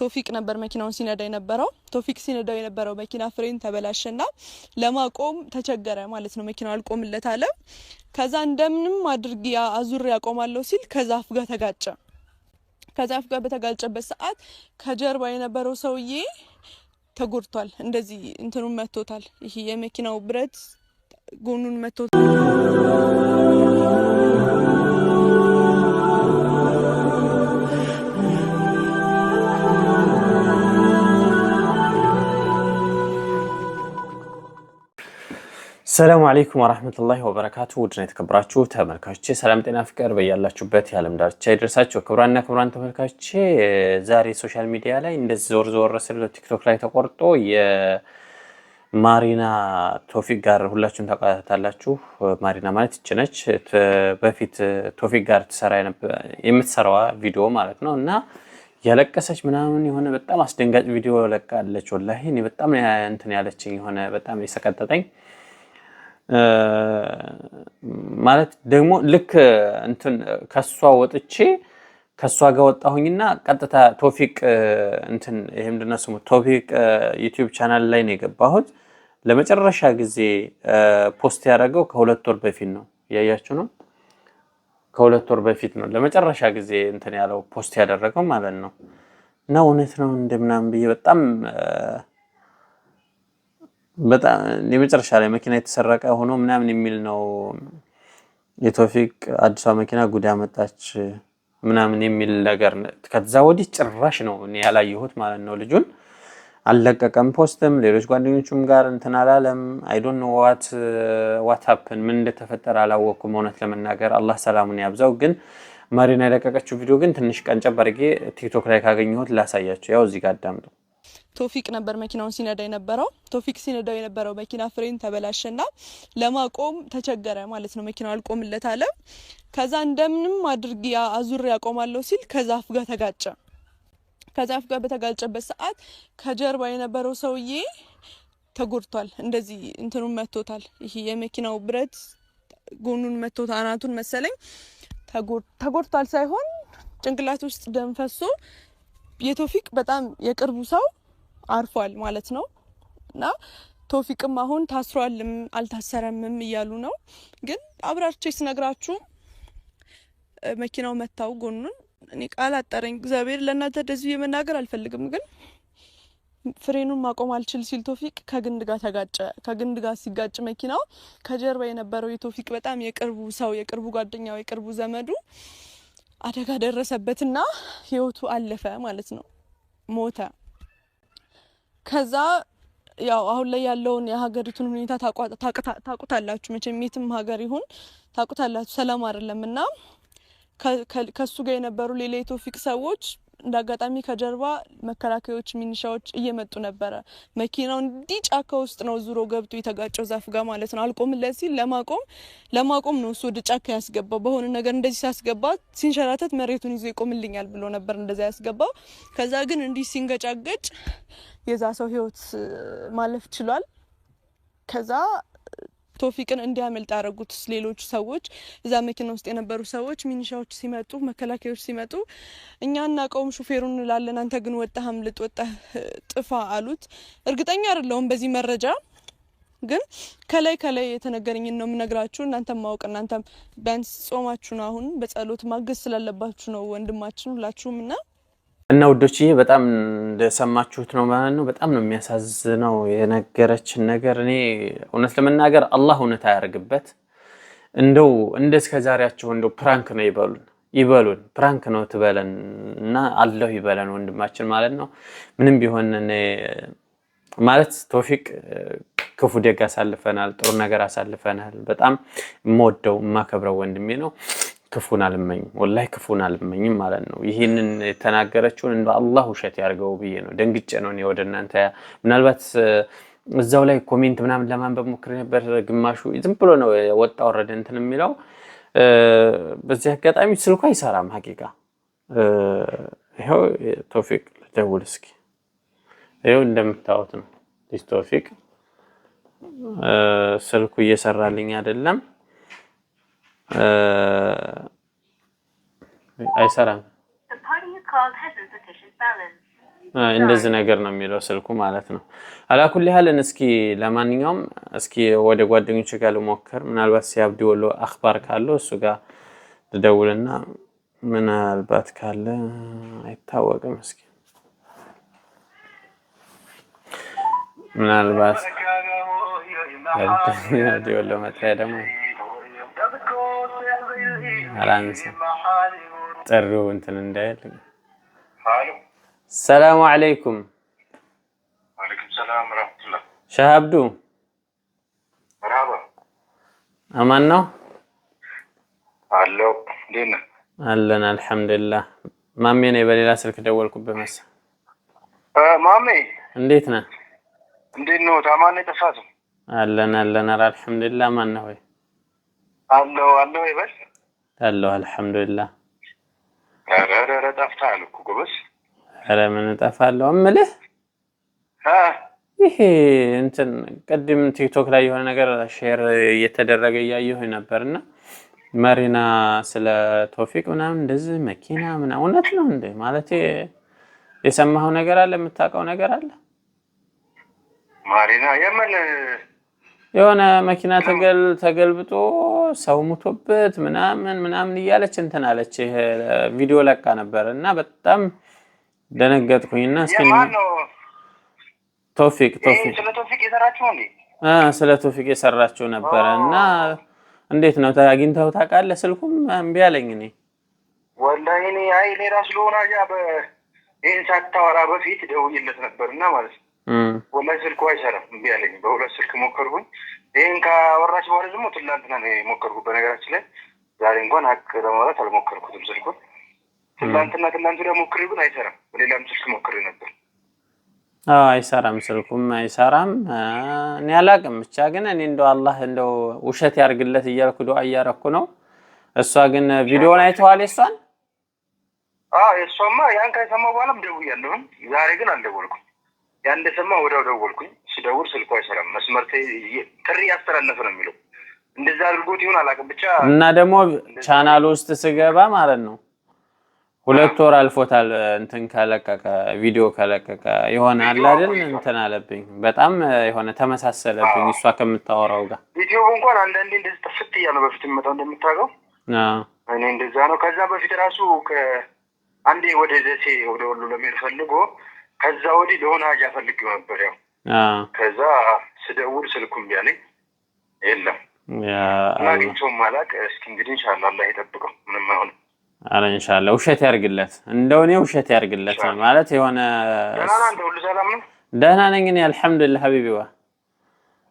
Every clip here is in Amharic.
ቶፊቅ ነበር መኪናውን ሲነዳ የነበረው። ቶፊቅ ሲነዳው የነበረው መኪና ፍሬን ተበላሸና ለማቆም ተቸገረ ማለት ነው። መኪናው አልቆምለት አለ። ከዛ እንደምንም አድርግ አዙር ያቆማለሁ ሲል ከዛፍ ጋር ተጋጨ። ከዛፍ ጋር በተጋጨበት ሰዓት ከጀርባ የነበረው ሰውዬ ተጎድቷል። እንደዚህ እንትኑን መቶታል። ይሄ የመኪናው ብረት ጎኑን መቶታል። ሰላም አለይኩም ወራህመቱላሂ ወበረካቱ። ውድና የተከበራችሁ ተመልካቾቼ ሰላም ጤና ፍቅር በያላችሁበት የዓለም ዳርቻ ይደርሳችሁ። ክብራና ክብራን ተመልካቾቼ ዛሬ ሶሻል ሚዲያ ላይ እንደዚህ ዞር ዞር ስለ ቲክቶክ ላይ ተቆርጦ የማሪና ቶፊቅ ጋር ሁላችሁም ታውቃታላችሁ። ማሪና ማለት ይች ነች። በፊት ቶፊቅ ጋር የምትሰራዋ ቪዲዮ ማለት ነው እና ያለቀሰች ምናምን የሆነ በጣም አስደንጋጭ ቪዲዮ ለቃለች። ወላሂ እኔ በጣም እንትን ያለችኝ የሆነ በጣም የሰቀጠጠኝ ማለት ደግሞ ልክ እንትን ከሷ ወጥቼ ከሷ ጋር ወጣሁኝና ቀጥታ ቶፊቅ እንትን ይሄ ምንድን ነው ስሙ ቶፊቅ ዩቲዩብ ቻናል ላይ ነው የገባሁት። ለመጨረሻ ጊዜ ፖስት ያደረገው ከሁለት ወር በፊት ነው። እያያችሁ ነው። ከሁለት ወር በፊት ነው ለመጨረሻ ጊዜ እንትን ያለው ፖስት ያደረገው ማለት ነው። እና እውነት ነው እንደምናምን ብዬ በጣም በጣም የመጨረሻ ላይ መኪና የተሰረቀ ሆኖ ምናምን የሚል ነው የቶፊቅ አዲሷ መኪና ጉዳ መጣች ምናምን የሚል ነገር ከዛ ወዲህ ጭራሽ ነው እኔ ያላየሁት ማለት ነው። ልጁን አልለቀቀም ፖስትም ሌሎች ጓደኞቹም ጋር እንትን አላለም። አይዶን ዋት ሀፕን ምን እንደተፈጠረ አላወቅኩም እውነት ለመናገር አላህ ሰላሙን ያብዛው። ግን ማሪና የለቀቀችው ቪዲዮ ግን ትንሽ ቀንጨብ አድርጌ ቲክቶክ ላይ ካገኘሁት ላሳያቸው። ያው እዚህ ጋር አዳምጡ። ቶፊቅ ነበር መኪናውን ሲነዳ የነበረው። ቶፊቅ ሲነዳው የነበረው መኪና ፍሬን ተበላሸና ለማቆም ተቸገረ ማለት ነው። መኪናው አልቆምለት አለ። ከዛ እንደምንም አድርግ አዙር ያቆማለሁ ሲል ከዛፍ ጋር ተጋጨ። ከዛፍ ጋር በተጋጨበት ሰዓት ከጀርባ የነበረው ሰውዬ ተጎድቷል። እንደዚህ እንትኑን መቶታል። ይሄ የመኪናው ብረት ጎኑን መቶት አናቱን መሰለኝ ተጎድቷል ሳይሆን ጭንቅላት ውስጥ ደም ፈሶ የቶፊቅ በጣም የቅርቡ ሰው አርፏል ማለት ነው እና ቶፊቅም አሁን ታስሯልም አልታሰረምም እያሉ ነው። ግን አብራቸው ስነግራችሁ መኪናው መታው ጎኑን እኔ ቃል አጠረኝ። እግዚአብሔር ለእናንተ እንደዚህ የመናገር አልፈልግም፣ ግን ፍሬኑን ማቆም አልችል ሲል ቶፊቅ ከግንድ ጋር ተጋጨ። ከግንድ ጋር ሲጋጭ መኪናው ከጀርባ የነበረው የቶፊቅ በጣም የቅርቡ ሰው የቅርቡ ጓደኛው የቅርቡ ዘመዱ አደጋ ደረሰበትና ህይወቱ አለፈ ማለት ነው ሞተ። ከዛ ያው አሁን ላይ ያለውን የሀገሪቱን ሁኔታ ታቁታላችሁ። መቼም የትም ሀገር ይሁን ታቁታላችሁ፣ ሰላም አይደለም እና ከሱ ጋር የነበሩ ሌላ የቶፊቅ ሰዎች እንደ አጋጣሚ ከጀርባ መከላከያዎች፣ ሚኒሻዎች እየመጡ ነበረ። መኪናው እንዲህ ጫካ ውስጥ ነው ዙሮ ገብቶ የተጋጨው ዛፍ ጋር ማለት ነው። አልቆምለት ሲል ለማቆም ለማቆም ነው እሱ ወደ ጫካ ያስገባው። በሆነ ነገር እንደዚህ ሲያስገባ ሲንሸራተት መሬቱን ይዞ ይቆምልኛል ብሎ ነበር እንደዚ ያስገባው። ከዛ ግን እንዲህ ሲንገጫገጭ የዛ ሰው ህይወት ማለፍ ችሏል። ከዛ ቶፊቅን እንዲያመልጥ ያደረጉት ሌሎች ሰዎች እዛ መኪና ውስጥ የነበሩ ሰዎች ሚኒሻዎች ሲመጡ መከላከያዎች ሲመጡ እኛ እናቀውም ሹፌሩ እንላለን፣ አንተ ግን ወጣህ፣ አምልጥ፣ ወጣህ፣ ጥፋ አሉት። እርግጠኛ አይደለሁም በዚህ መረጃ ግን ከላይ ከላይ የተነገረኝን ነው የምነግራችሁ። እናንተም ማወቅ እናንተም ቢያንስ ጾማችሁ አሁን በጸሎት ማገዝ ስላለባችሁ ነው ወንድማችን ሁላችሁም እና እና ውዶችዬ በጣም እንደሰማችሁት ነው ማለት ነው። በጣም ነው የሚያሳዝነው የነገረችን ነገር። እኔ እውነት ለመናገር አላህ እውነት አያርግበት። እንደው እንደ እስከ ዛሬያቸው እንደው ፕራንክ ነው ይበሉን ይበሉን ፕራንክ ነው ትበለን እና አለሁ ይበለን ወንድማችን ማለት ነው። ምንም ቢሆን ማለት ቶፊቅ ክፉ ደግ አሳልፈናል፣ ጥሩ ነገር አሳልፈናል። በጣም የምወደው የማከብረው ወንድሜ ነው። ክፉን አልመኝም፣ ወላሂ ክፉን አልመኝም ማለት ነው። ይህንን የተናገረችውን እንደ አላህ ውሸት ያርገው ብዬ ነው ደንግጬ ነው ወደ እናንተ ምናልባት እዛው ላይ ኮሜንት ምናምን ለማንበብ ሞክር ነበር። ግማሹ ዝም ብሎ ነው ወጣ ወረደ እንትን የሚለው። በዚህ አጋጣሚ ስልኩ አይሰራም። ሀቂቃ ይኸው ቶፊቅ ደውል እስኪ። ይኸው እንደምታወት ነው ልጅ ቶፊቅ ስልኩ እየሰራልኝ አይደለም። አይሰራም። እንደዚህ ነገር ነው የሚለው ስልኩ ማለት ነው። አላኩል ያህልን እስኪ ለማንኛውም እስኪ ወደ ጓደኞች ጋር ልሞክር። ምናልባት ሲያብዲ ወሎ አክባር ካለው እሱ ጋር ልደውልና ምናልባት ካለ አይታወቅም። እስኪ ምናልባት ያብዲ ወሎ መጥሪያ ደግሞ አላንሳ ጥሩ እንትን እንዳይል። ሰላሙ አለይኩም ሻሃብዱ አማን ነው አለው። አለን አልሐምዱሊላህ። ማሜ ነኝ። በሌላ ስልክ ደወልኩበት መሰለኝ። ማሜ እንዴት ነህ? እንዴት ነው? ታማን ነው የጠፋት? አለን አለን። ኧረ አልሐምዱሊላህ። ማን ነህ ወይ? አለው አለው። ይበል አለው። አልሐምዱሊላህ ኧረ ጠፍተሃል እኮ ጎበዝ። ኧረ ምን እጠፋለሁ እምልህ ይሄ እንትን ቅድም ቲክቶክ ላይ የሆነ ነገር ሼር እየተደረገ እያየሁ ነበር እና መሪና ስለ ቶፊቅ ምናምን እንደዚህ መኪና ምና እውነት ነው እንደ ማለት የሰማኸው ነገር አለ? የምታውቀው ነገር አለ? ማሪና የምን የሆነ መኪና ተገል ተገልብጦ ሰው ሙቶበት ምናምን ምናምን እያለች እንትን አለች። ቪዲዮ ለቃ ነበር እና በጣም ደነገጥኩኝና እስኪ ቶፊቅ ቶፊቅ ስለ ቶፊቅ የሰራችው ነበረ እና እንዴት ነው አግኝተው ታውቃለህ? ስልኩም እምቢ አለኝ። እኔ ወላሂ እኔ አይ ሌላ እራሱ ያ ይህን ሳታወራ በፊት ደውዬለት ነበርና ማለት ነው ወላሂ ስልኩ አይሰራም። እምቢ አለኝ። በሁለት ስልክ ሞከርኩኝ። ይህን ካወራች በኋላ ደግሞ ትላንትና ነው የሞከርኩት። በነገራችን ላይ ዛሬ እንኳን ሀቅ ለማውራት አልሞከርኩትም ስልኩን። ትላንትና ትናንት ወዲያ ሞክሬ ግን አይሰራም። በሌላም ስልክ ሞክሬ ነበር። አይሰራም፣ ስልኩም አይሰራም። እኔ አላቅም። ብቻ ግን እኔ እንደው አላህ እንደው ውሸት ያርግለት እያልኩ ዱአ እያረኩ ነው። እሷ ግን ቪዲዮን አይተዋል የሷን። እሷማ ያን ከሰማ በኋላም ደውያለሁኝ። ዛሬ ግን አልደወልኩም ያን እንደሰማ ወዲያው ደወልኩኝ። ሲደውል ስልኩ አይሰራም፣ መስመር ጥሪ ያስተላለፈ ነው የሚለው። እንደዛ አድርጎት ይሁን አላውቅም። ብቻ እና ደግሞ ቻናል ውስጥ ስገባ ማለት ነው ሁለት ወር አልፎታል። እንትን ከለቀቀ ቪዲዮ ከለቀቀ የሆነ አላድን እንትን አለብኝ፣ በጣም የሆነ ተመሳሰለብኝ እሷ ከምታወራው ጋር። ዩቲዩብ እንኳን አንዳንዴ እንደዚህ ጥፍት እያለ በፊት የሚመጣው እንደምታውቀው እኔ እንደዛ ነው። ከዛ በፊት ራሱ አንዴ ወደ ደሴ ወደ ወሎ ለሚሄድ ፈልጎ ከዛ ወዲህ ለሆነ ሀጅ ፈልጌው ነበር። ያው ከዛ ስደውል ስልኩም ቢያለኝ የለም አግኝቼውም አላውቅም። እስኪ እንግዲህ እንሻላ አላህ ይጠብቀው ምንም አይሆንም አረ እንሻላ ውሸት ያርግለት፣ እንደው እኔ ውሸት ያርግለት ማለት የሆነ ሁሉ ሰላም ነው። ደህና ነኝ እኔ አልሐምዱሊላህ። ሀቢቢዋ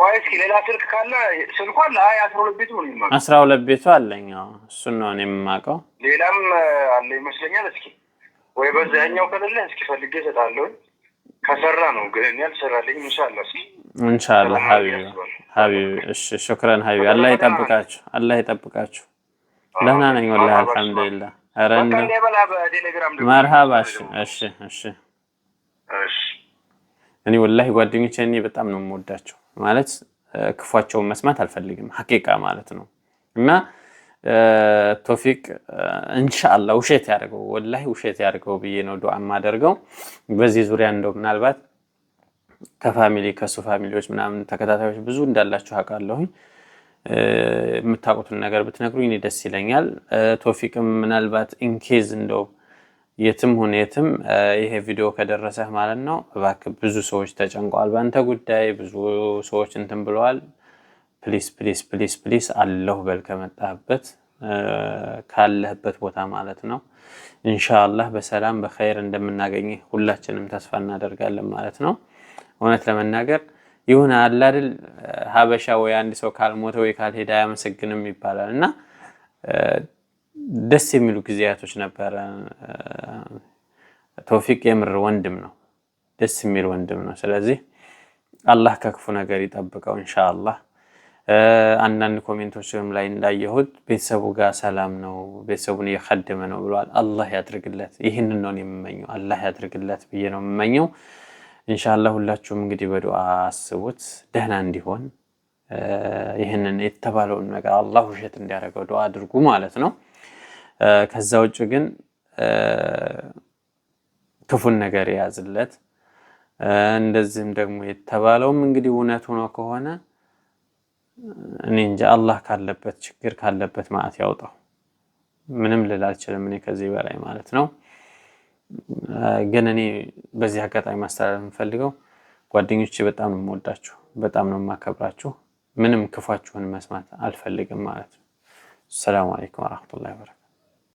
ቆይ እስኪ ሌላ ስልክ ካለ ስልኩ አለ። አይ አስራ ሁለት ቤቱ ነው አስራ ሁለት ቤቱ አለኝ። እሱን ነው እኔ የማውቀው። ሌላም አለ ይመስለኛል እስኪ ወይ በዛ ያኛው ከሌለ እስኪ ፈልጌ እሰጣለሁ። ከሰራ ነው ግን ያልሰራልኝ እንሻላ እንሻላ ሀቢቢ ሀቢቢ እሺ፣ ሹክረን ሀቢቢ። አላህ ይጠብቃችሁ፣ አላህ ይጠብቃችሁ። ደህና ነኝ ወላሂ አልሐምዱሊላህ። ኧረ መርሃባ። እሺ፣ እሺ፣ እሺ፣ እሺ። እኔ ወላሂ ጓደኞቼ እኔ በጣም ነው የምወዳቸው ማለት ክፏቸውን መስማት አልፈልግም ሀቂቃ ማለት ነው እና ቶፊቅ እንሻላ ውሸት ያደርገው ወላሂ ውሸት ያደርገው ብዬ ነው ዱዓ የማደርገው። በዚህ ዙሪያ እንደው ምናልባት ከፋሚሊ ከሱ ፋሚሊዎች ምናምን ተከታታዮች ብዙ እንዳላችሁ አውቃለሁኝ። የምታውቁትን ነገር ብትነግሩኝ እኔ ደስ ይለኛል። ቶፊቅም ምናልባት ኢንኬዝ እንደው የትም ሁኔትም ይሄ ቪዲዮ ከደረሰህ ማለት ነው እባክህ ብዙ ሰዎች ተጨንቀዋል በአንተ ጉዳይ፣ ብዙ ሰዎች እንትን ብለዋል። ፕሊስ ፕሊስ ፕሊስ ፕሊስ አለሁ በል ከመጣህበት ካለህበት ቦታ ማለት ነው። ኢንሻአላህ በሰላም በኸይር እንደምናገኝ ሁላችንም ተስፋ እናደርጋለን ማለት ነው። እውነት ለመናገር ይሁን አለ አይደል ሀበሻ ወይ አንድ ሰው ካልሞተ ወይ ካልሄደ አያመሰግንም ይባላል እና ደስ የሚሉ ጊዜያቶች ነበረ። ተውፊቅ የምር ወንድም ነው፣ ደስ የሚል ወንድም ነው። ስለዚህ አላህ ከክፉ ነገር ይጠብቀው ኢንሻአላህ። አንዳንድ ኮሜንቶችም ላይ እንዳየሁት ቤተሰቡ ጋር ሰላም ነው፣ ቤተሰቡን እየከደመ ነው ብለዋል። አላህ ያድርግለት። ይህንን ነው የምመኘው፣ አላህ ያድርግለት ብዬ ነው የምመኘው። እንሻላ ሁላችሁም እንግዲህ በዱዓ አስቡት፣ ደህና እንዲሆን ይህንን የተባለውን ነገር አላህ ውሸት እንዲያደርገው ዱዓ አድርጉ ማለት ነው። ከዛ ውጭ ግን ክፉን ነገር የያዝለት እንደዚህም ደግሞ የተባለውም እንግዲህ እውነት ሆኖ ከሆነ እኔ እንጂ አላህ ካለበት ችግር ካለበት ማለት ያውጣው። ምንም ልል አልችልም እኔ ከዚህ በላይ ማለት ነው። ግን እኔ በዚህ አጋጣሚ ማስተላለፍ የምፈልገው ጓደኞቼ በጣም ነው የምወዳችሁ፣ በጣም ነው የማከብራችሁ። ምንም ክፏችሁን መስማት አልፈልግም ማለት ነው። ሰላሙ አለይኩም ወረሕመቱላሂ ወበረካቱህ።